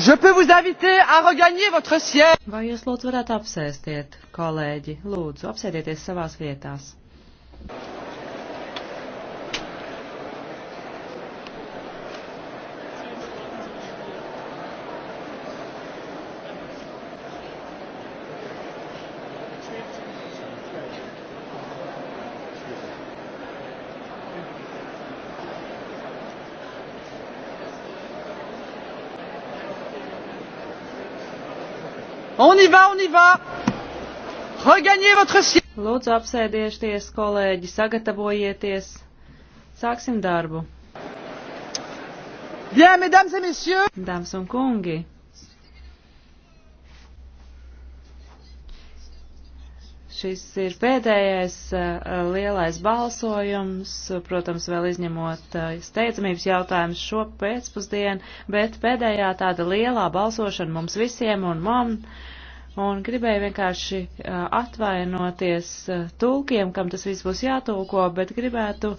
Je peux vous inviter à regagner votre siège. Vai jūs lūdzu varētu apsēstiet, kolēģi? Lūdzu, apsēdieties savās vietās. On y va, on y va! Regagnez votre siège! Lūdzu, apsēdieties, kolēģi, sagatavojieties. Sāksim darbu. Bien, mesdames et messieurs! Dāmas un kungi! Šis ir pēdējais eh, lielais balsojums, protams, vēl izņemot eh, steidzamības jautājumus šo pēcpusdienu, bet pēdējā tāda lielā balsošana mums visiem un man. Un gribēju vienkārši eh, atvainoties tulkiem, kam tas viss būs jātulko, bet gribētu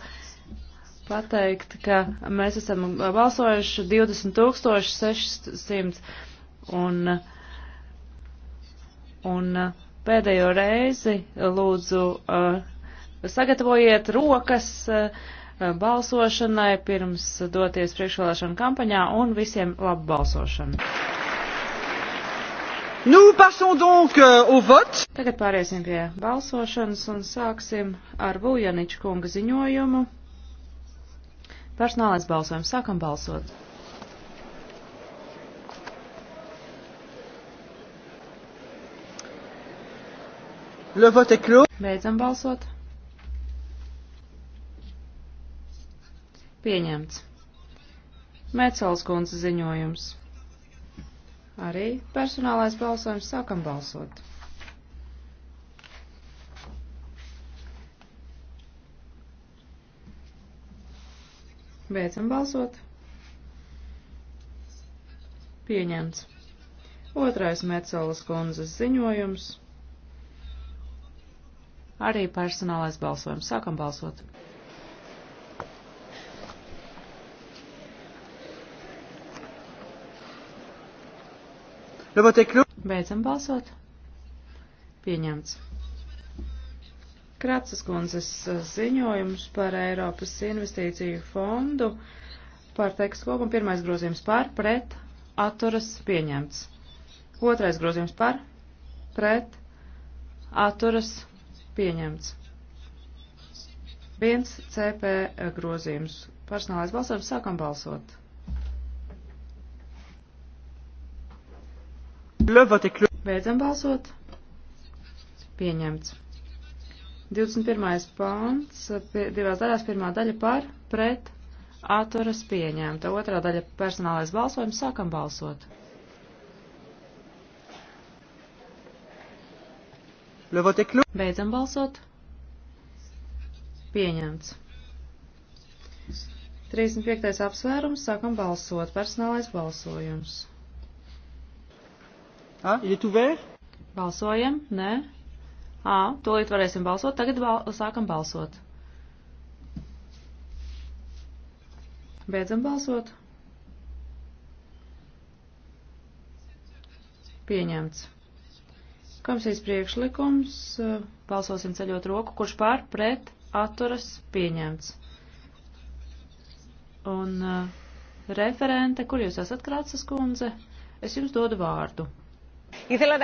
pateikt, ka mēs esam balsojuši 20 600 un, un pēdējo reizi lūdzu uh, sagatavojiet rokas uh, balsošanai pirms doties priekšvēlēšana kampaņā un visiem labu balsošanu. Donc, uh, Tagad pāriesim pie balsošanas un sāksim ar Vujaniča kunga ziņojumu. Personālais balsojums. Sākam balsot. Le vote est clos. Beidzam balsot. Pieņemts. Mecels kundze ziņojums. Arī personālais balsojums sākam balsot. Beidzam balsot. Pieņemts. Otrais Mecelas kundzes ziņojums arī personālais balsojums. Sākam balsot! Beidzam balsot. Pieņemts. Kratsas kundzes ziņojums par Eiropas investīciju fondu par tekstu kopumu. Pirmais grozījums par, pret, atturas, pieņemts. Otrais grozījums par, pret, atturas, pieņemts Pieņemts. 1 CP grozījums. Personālais balsojums sākam balsot. Beidzam balsot. Pieņemts. 21. pāns, divās daļās, pirmā daļa par, pret, atturas pieņemta. Otrā daļa personālais balsojums, sākam balsot. Beidzam balsot. Pieņemts. 35. apsvērums, sākam balsot, personālais balsojums. A, ah? il est ouvert? Balsojam, nē. Ā, tūlīt varēsim balsot, tagad bal sākam balsot. Beidzam balsot. Pieņemts. Komisijas priekšlikums. E, balsosim ceļot roku. Kurš pār pret atturas pieņemts? Un uh, referente, kur jūs esat krācas kundze? Es jums dodu vārdu. Ήθελα...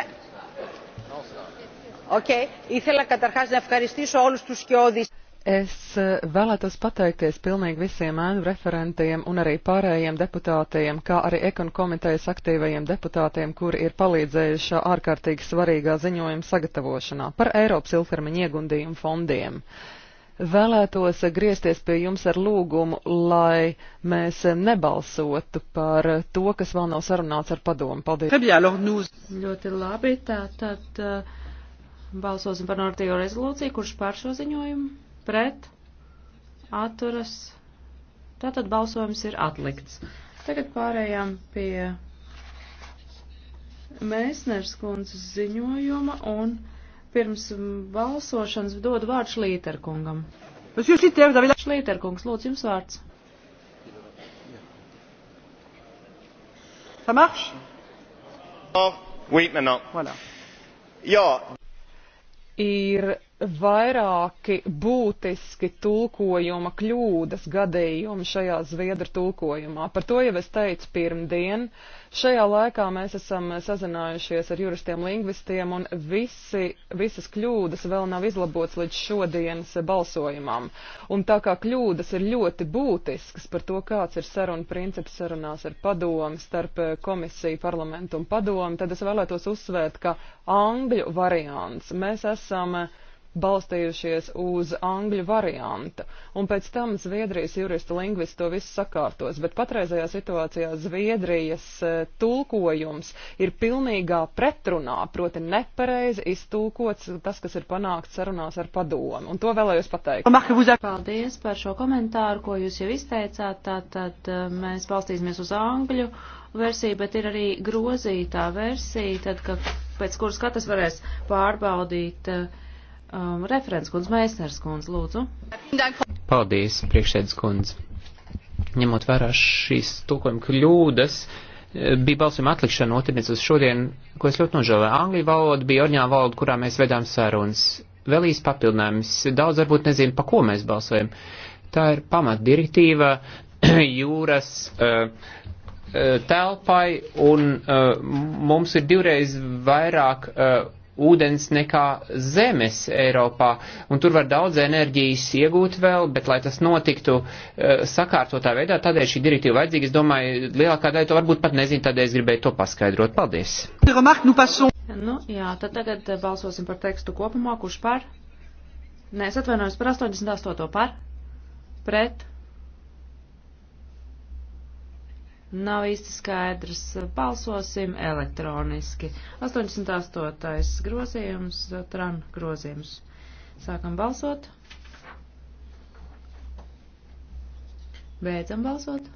Okay. Ήθελα καταρχάς να ευχαριστήσω όλους τους σκιώδεις. Es eh, vēlētos pateikties pilnīgi visiem ēnu referentiem un arī pārējiem deputātiem, kā arī ekonu komitejas aktīvajiem deputātiem, kuri ir palīdzējuši šā ārkārtīgi svarīgā ziņojuma sagatavošanā par Eiropas ilgtermiņa iegundījumu fondiem. Vēlētos eh, griezties pie jums ar lūgumu, lai mēs eh, nebalsotu par to, kas vēl nav sarunāts ar padomu. Paldies! Ļoti labi, tā tad uh, balsosim par normatīvo rezolūciju, kurš pār šo ziņojumu pret, atturas. Tātad balsojums ir atlikts. Tagad pārējām pie Mēsners kundzes ziņojuma un pirms balsošanas dodu vārdu Šlīterkungam. Šlīterkungs, lūdzu, jums vārds. Ça marche Oui, maintenant. Voilà. Jā. Ir vairāki būtiski tulkojuma kļūdas gadījumi šajā zviedru tulkojumā. Par to jau es teicu pirmdien. Šajā laikā mēs esam sazinājušies ar juristiem lingvistiem un visi, visas kļūdas vēl nav izlabots līdz šodienas balsojumam. Un tā kā kļūdas ir ļoti būtiskas par to, kāds ir saruna princips sarunās ar padomu starp komisiju, parlamentu un padomu, tad es vēlētos uzsvērt, ka angļu variants mēs esam uh, balstījušies uz angļu variantu, un pēc tam Zviedrijas jurista lingvisti to visu sakārtos, bet patreizajā situācijā Zviedrijas e, tulkojums ir pilnīgā pretrunā, proti nepareizi iztulkots tas, kas ir panākts sarunās ar padomu, un to vēlējos pateikt. Paldies par šo komentāru, ko jūs jau izteicāt, tātad e, mēs balstīsimies uz angļu versija, bet ir arī grozītā versija, tad, ka, pēc kuras katrs varēs pārbaudīt uh, Um, referents kundze, Meisners kundze, lūdzu. Paldies, priekšsēdus kundze. Ņemot vērā šīs tulkojuma kļūdas, eh, bija balsojuma atlikšana otrdienas uz šodien, ko es ļoti nožēloju. Angļu valoda bija orņā valoda, kurā mēs vedām sarunas. Vēl īsts papildinājums. Daudz varbūt nezinu, pa ko mēs balsojam. Tā ir pamatdirektīva jūras uh, telpai, un uh, mums ir divreiz vairāk uh, ūdens nekā zemes Eiropā, un tur var daudz enerģijas iegūt vēl, bet lai tas notiktu eh, sakārtotā veidā, tādēļ šī direktīva vajadzīga, es domāju, lielākā daļa to varbūt pat nezinu, tādēļ es gribēju to paskaidrot. Paldies! Nu, jā, tad tagad eh, balsosim par tekstu kopumā, kurš par? Nē, es atvainojos par 88. par? Pret? Nav īsti skaidrs. Balsosim elektroniski. 88. grozījums, tran grozījums. Sākam balsot. Beidzam balsot.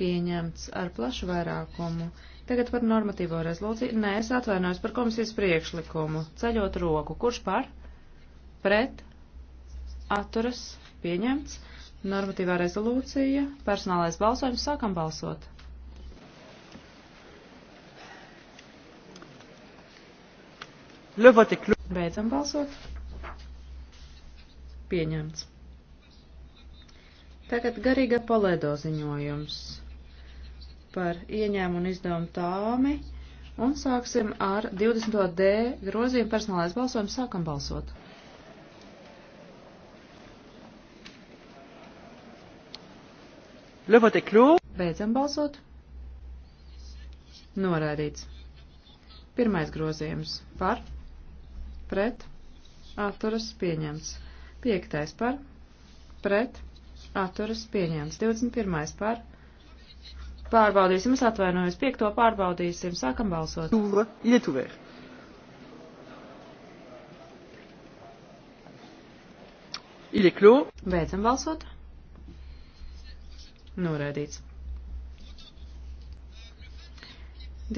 Pieņemts ar plašu vairākumu. Tagad par normatīvo rezolūciju. Nē, es atvainojos par komisijas priekšlikumu. Ceļot roku. Kurš par? Pret? Atturas? Pieņemts? Normatīvā rezolūcija, personālais balsojums, sākam balsot. Beidzam balsot. Pieņemts. Tagad garīga palēdo ziņojums par ieņēmu un izdevumu tāmi un sāksim ar 20. D grozījumu personālais balsojums, sākam balsot. Le vote est clos. Beidzam balsot. Noraidīts. Pirmais grozījums par, pret, atturas pieņemts. Piektais par, pret, atturas pieņemts. 21. par. Pārbaudīsim, es atvainojos, piekto pārbaudīsim, sākam balsot. Tūra, ietuvē. Iekļū. Beidzam balsot. Noraidīts.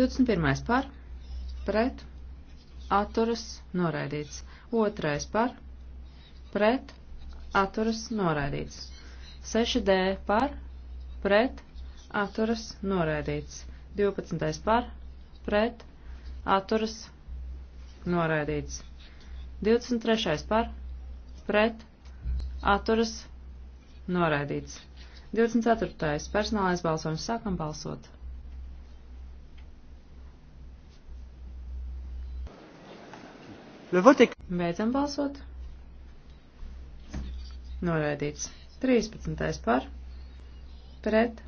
21. par, pret, atturas, noraidīts. 2. par, pret, atturas, noraidīts. 6D par, pret, atturas, noraidīts. 12. par, pret, atturas, noraidīts. 23. par, pret, atturas, noraidīts. 24. personālais balsojums. Sākam balsot. Beidzam balsot. Noraidīts. 13. par. Pret.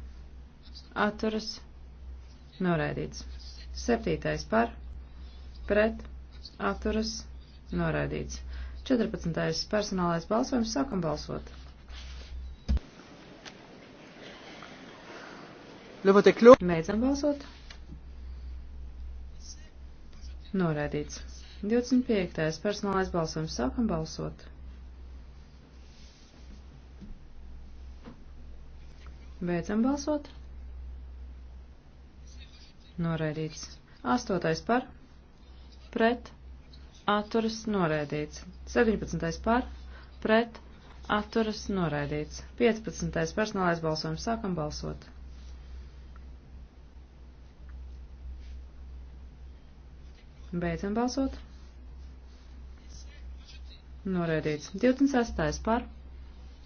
Atturas. Noraidīts. 7. par. Pret. Atturas. Noraidīts. 14. personālais balsojums. Sākam balsot. Mēģinām balsot. Noraidīts. 25. personālais balsojums. Sākam balsot. Beidzam balsot. Noraidīts. 8. par. Pret. Atturas noraidīts. 17. par. Pret. Atturas noraidīts. 15. personālais balsojums. Sākam balsot. Beidzam balsot. Noraidīts. 26. par.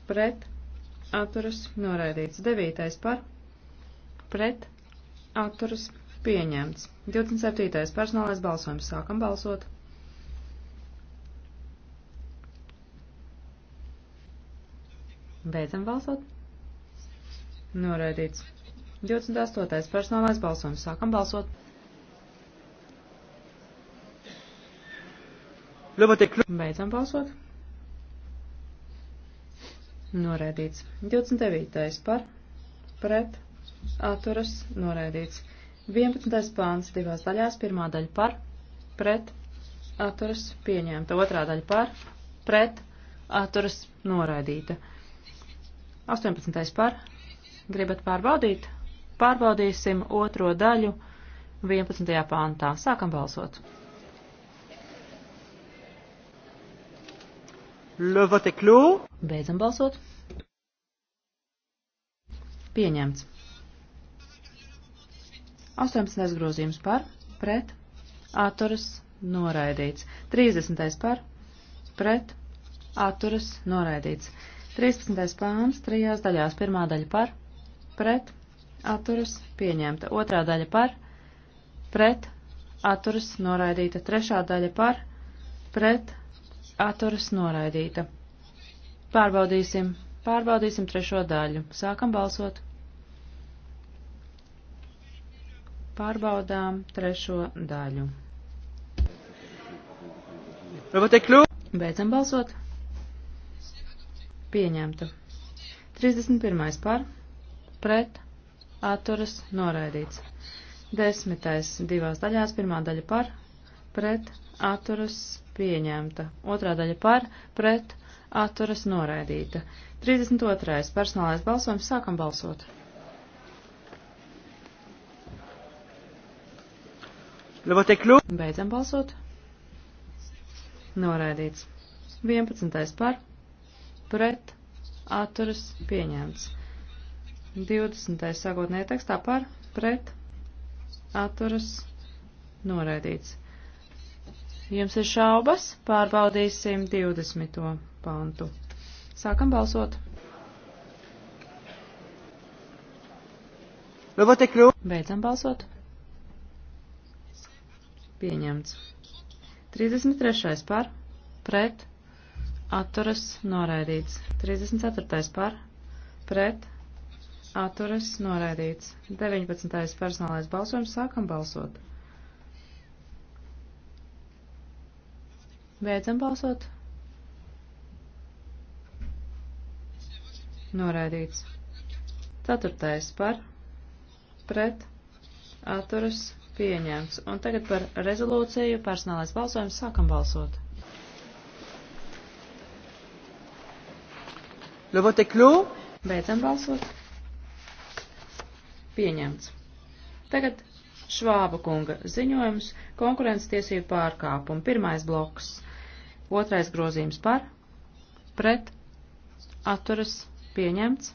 Pret. Atturas. Noraidīts. 9. par. Pret. Atturas. Pieņemts. 27. personālais balsojums. Sākam balsot. Beidzam balsot. Noraidīts. 28. personālais balsojums. Sākam balsot. Beidzam balsot. Noraidīts. 29. par, pret, atturas, noraidīts. 11. pāns divās daļās, pirmā daļa par, pret, atturas, pieņemta. Otrā daļa par, pret, atturas, noraidīta. 18. par, gribat pārbaudīt? Pārbaudīsim otro daļu 11. pāntā. Sākam balsot. Le vote est clos. Beidzam balsot. Pieņemts. 18. grozījums par, pret, atturas, noraidīts. 30. par, pret, atturas, noraidīts. 13. pāns, trijās daļās, pirmā daļa par, pret, atturas, pieņemta. Otrā daļa par, pret, atturas, noraidīta. Trešā daļa par, pret, Atturas noraidīta. Pārbaudīsim. Pārbaudīsim trešo daļu. Sākam balsot. Pārbaudām trešo daļu. Beidzam balsot. Pieņemta. 31. par. Pret. Atturas noraidīts. Desmitais divās daļās. Pirmā daļa par. Pret atturas pieņemta. Otrā daļa par, pret, atturas noraidīta. 32. personālais balsojums sākam balsot. Beidzam balsot. Noraidīts. 11. par, pret, atturas pieņemts. 20. sākotnēja tekstā par, pret, atturas noraidīts. Jums ir šaubas? Pārbaudīsim 20. pantu. Sākam balsot. Beidzam balsot. Pieņemts. 33. par, pret, atturas, noraidīts. 34. par, pret, atturas, noraidīts. 19. personālais balsojums, sākam balsot. Beidzam balsot. Noraidīts. Ceturtais par, pret, atturas, pieņemts. Un tagad par rezolūciju personālais balsojums sākam balsot. Le vote clos. Beidzam balsot. Pieņemts. Tagad Švāba kunga ziņojums konkurences tiesību pārkāpumu. Pirmais bloks. Otrais grozījums par, pret, atturas pieņemts.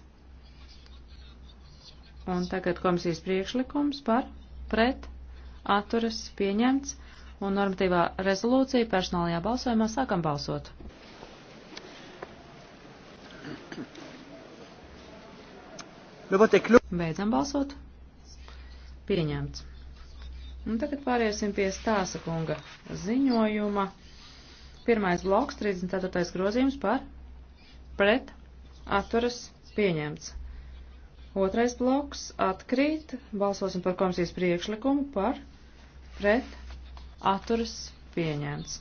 Un tagad komisijas priekšlikums par, pret, atturas pieņemts. Un normatīvā rezolūcija personālajā balsojumā sākam balsot. Beidzam balsot. Pieņemts. Un tagad pāriesim pie stāsa kunga ziņojuma. Pirmais bloks, 34. grozījums par pret atturas pieņemts. Otrais bloks atkrīt. Balsosim par komisijas priekšlikumu par pret atturas pieņemts.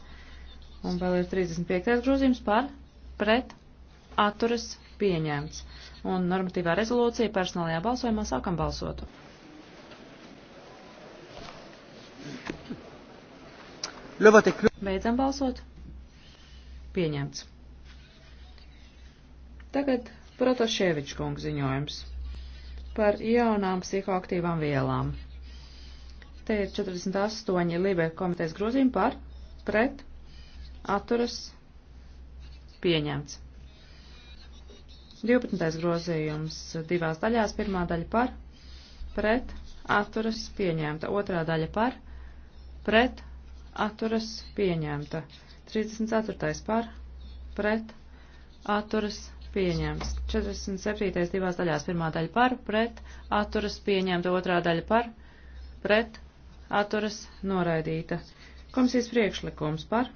Un vēl ir 35. grozījums par pret atturas pieņemts. Un normatīvā rezolūcija personālajā balsojumā sākam balsot. Beidzam balsot. Pieņemts. Tagad Protoševičs kungs ziņojums par jaunām psihoaktīvām vielām. Te ir 48 Libē komitejas grozījumi par, pret, atturas, pieņemts. 12. grozījums divās daļās, pirmā daļa par, pret, atturas, pieņemta, otrā daļa par, pret, atturas, pieņemta. 34. par, pret, atturas, pieņemts. 47. divās daļās pirmā daļa par, pret, atturas, pieņemta otrā daļa par, pret, atturas, noraidīta. Komisijas priekšlikums par.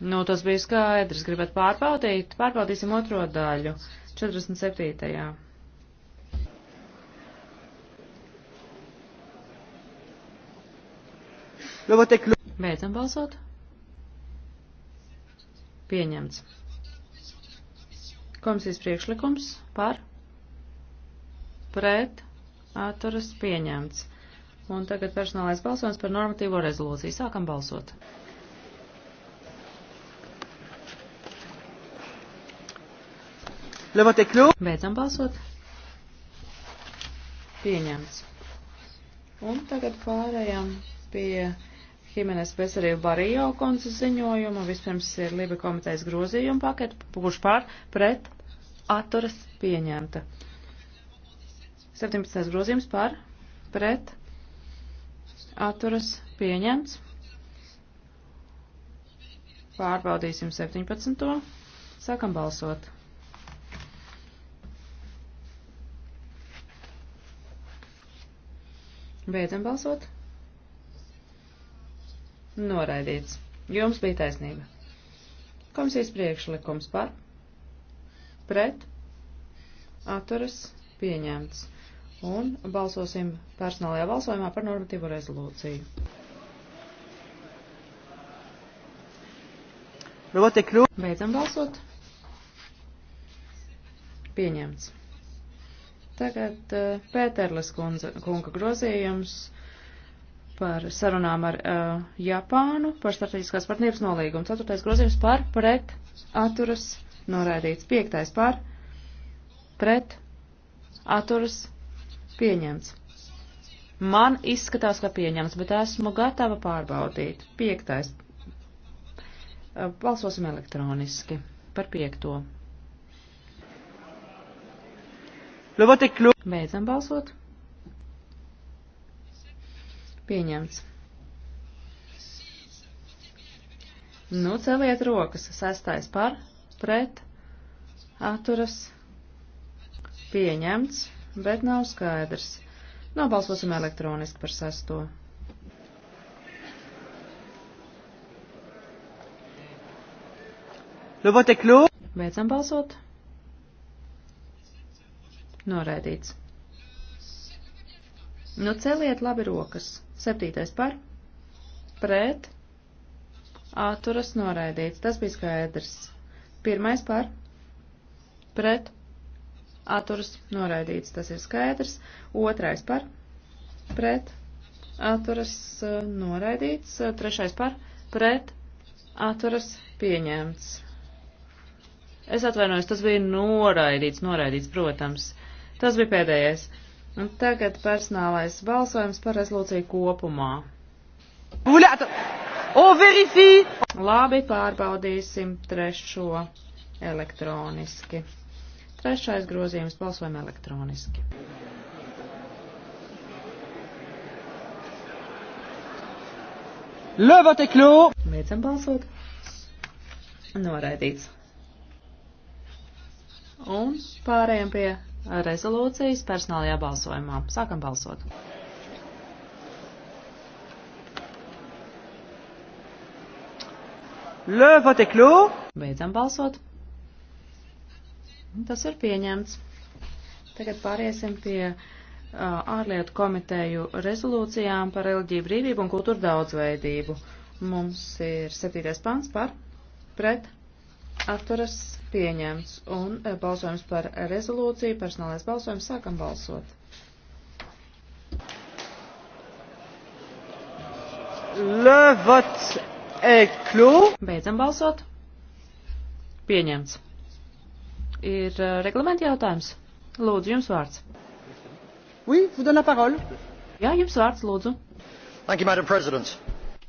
Nu, tas bija skaidrs. Gribat pārbaudīt? Pārbaudīsim otro daļu. 47. Le vote est clos. Beidzam balsot. Pieņemts. Komisijas priekšlikums par pret atturas pieņemts. Un tagad personālais balsojums par normatīvo rezolūciju. Sākam balsot. Beidzam balsot. Pieņemts. Un tagad pārējām pie Himenes Besarīju Barijo konces ziņojumu. Vispirms ir Liba komitejas grozījuma paketa, kurš pār pret atturas pieņemta. 17. grozījums pār pret atturas pieņemts. Pārbaudīsim 17. Sākam balsot. Beidzam balsot. Noraidīts. Jums bija taisnība. Komisijas priekšlikums par. Pret. Atturas. Pieņemts. Un balsosim personālajā balsojumā par normatīvo rezolūciju. Beidzam balsot. Pieņemts. Tagad uh, Pēterles kunga grozījums par sarunām ar uh, Japānu, par starptautiskās partnerības nolīgumu. Ceturtais grozījums par pret atturas noraidīts. Piektais par pret atturas pieņemts. Man izskatās, ka pieņemts, bet esmu gatava pārbaudīt. Piektais. Uh, balsosim elektroniski par piekto. Beidzam balsot. Pieņemts. Nu, celiet rokas. Sestais par, pret, atturas, pieņemts, bet nav skaidrs. Nobalsosim elektroniski par sesto. Beidzam balsot. Noraidīts. Nu, celiet labi rokas. Septītais par, pret, atturas noraidīts. Tas bija skaidrs. Pirmais par, pret, atturas noraidīts. Tas ir skaidrs. Otrais par, pret, atturas uh, noraidīts. Uh, trešais par, pret, atturas pieņemts. Es atvainojos, tas bija noraidīts, noraidīts, protams. Tas bija pēdējais. Un tagad personālais balsojums par rezolūciju kopumā. Labi, pārbaudīsim trešo elektroniski. Trešais grozījums balsojam elektroniski. Le vote est clos. Beidzam balsot. Noraidīts. Un pārējām pie rezolūcijas personālajā balsojumā. Sākam balsot! Le vote est clos. Beidzam balsot. Tas ir pieņemts. Tagad pāriesim pie uh, ārlietu komiteju rezolūcijām par reliģiju brīvību un kultūru daudzveidību. Mums ir septītais pants par pret atturas pieņemts un e, balsojums par rezolūciju, personālais balsojums, sākam balsot. Le vote est clos. Beidzam balsot. Pieņemts. Ir e, reglamenta jautājums. Lūdzu, jums vārds. Oui, vous donne la parole. Jā, jums vārds, lūdzu. Thank you, Madam President.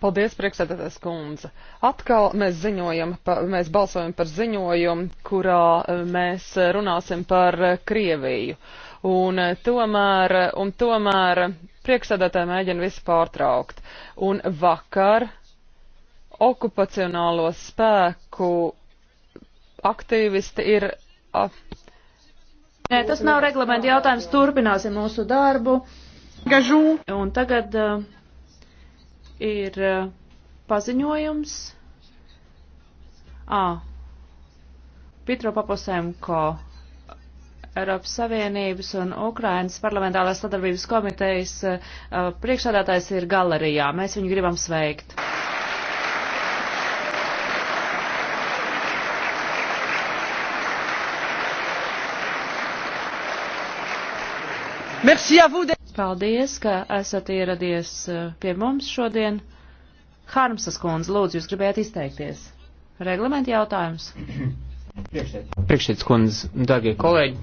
Paldies, priekšsēdētājs kundze. Atkal mēs, ziņojam, pa, mēs balsojam par ziņojumu, kurā e, mēs runāsim par Krieviju. Un e, tomēr, un tomēr priekšsēdētāji mēģina visu pārtraukt. Un vakar okupacionālo spēku aktīvisti ir. Ap... Nē, tas nav reglamenta jautājums. Turpināsim mūsu darbu. Gažu. Un tagad. Uh ir paziņojums. Ā. Pitro Paposemko, Eiropas Savienības un Ukrainas parlamentārās sadarbības komitejas priekšsādātājs ir galerijā. Mēs viņu gribam sveikt. Merci à vous. Paldies, ka esat ieradies eh, pie mums šodien. Harmsas kundze, lūdzu, jūs gribējāt izteikties. Reglamenta jautājums. Priekšsēdus kundze, darbie kolēģi,